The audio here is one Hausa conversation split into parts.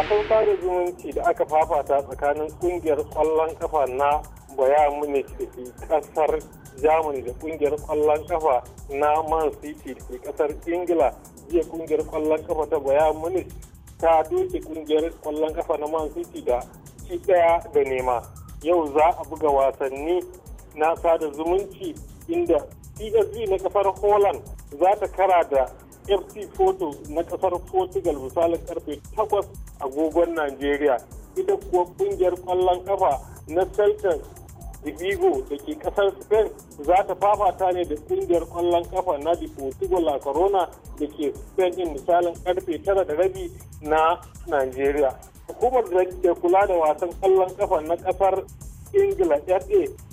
wasan sada zumunci da aka fafata tsakanin kungiyar kwallon kafa na bayan munich da ke kasar germany da kungiyar kwallon kafa na man city da ke kasar ingila jiya kungiyar kwallon kafa ta bayan munich ta doke kungiyar kwallon kafa na man city da ci daya da nema yau za a buga wasanni na sada zumunci inda psv na kasar holand za ta kara da fc photo na kasar portugal misalin karfe 8 agogon nigeria ita kuwa kungiyar kwallon kafa na celta de vigo da ke kasar spain za ta fafata ne da kungiyar kwallon kafa na di portugal la corona da ke spain din misalin karfe 9 da rabi na nigeria hukumar da ke kula da wasan kwallon kafa na kasar ingila fa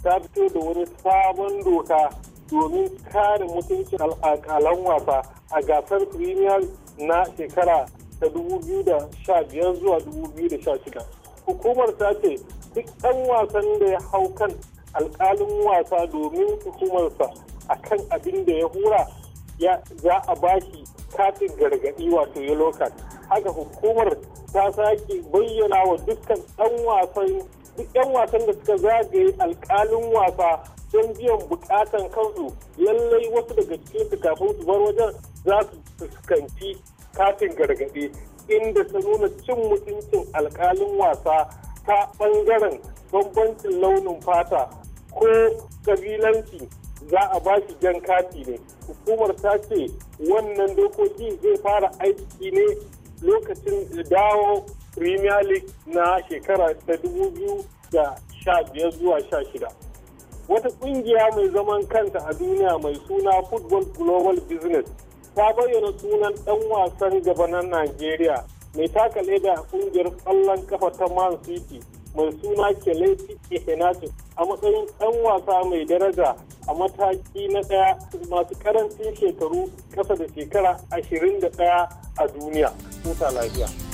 ta fito da wani sabon doka domin kare mutuncin al'akalan wasa a gasar premier na shekara ta 2015 zuwa 2016 hukumar ta ce duk ɗan wasan da ya hau kan alƙalin wasa domin hukumarsa a kan abin da ya hura za a bashi kafin gargaɗi wato ya lokal haka hukumar ta sake bayyana wa dukkan ɗan wasan duk 'yan wasan da suka zagaye alƙalin wasa don biyan bukatan kansu lallai wasu daga cikin su kafin su bar wajen za su fuskanci katin gargaɗi inda ta nuna cin mutuncin alkalin wasa ta ɓangaren bambancin launin fata ko kabilanci za a ba shi jan kati ne hukumar ta ce wannan dokoki zai fara aiki ne lokacin dawo premier league na shekara ta 2015 zuwa 16 wata kungiya mai zaman kanta a duniya mai suna football global business ta bayyana sunan dan wasan gaba na nigeria mai taka leda a kungiyar kwallon kafa ta man city mai suna keleti kehenatu a matsayin dan wasa mai daraja a mataki na daya masu karancin shekaru kasa da shekara 21 a duniya. Tuta lafiya.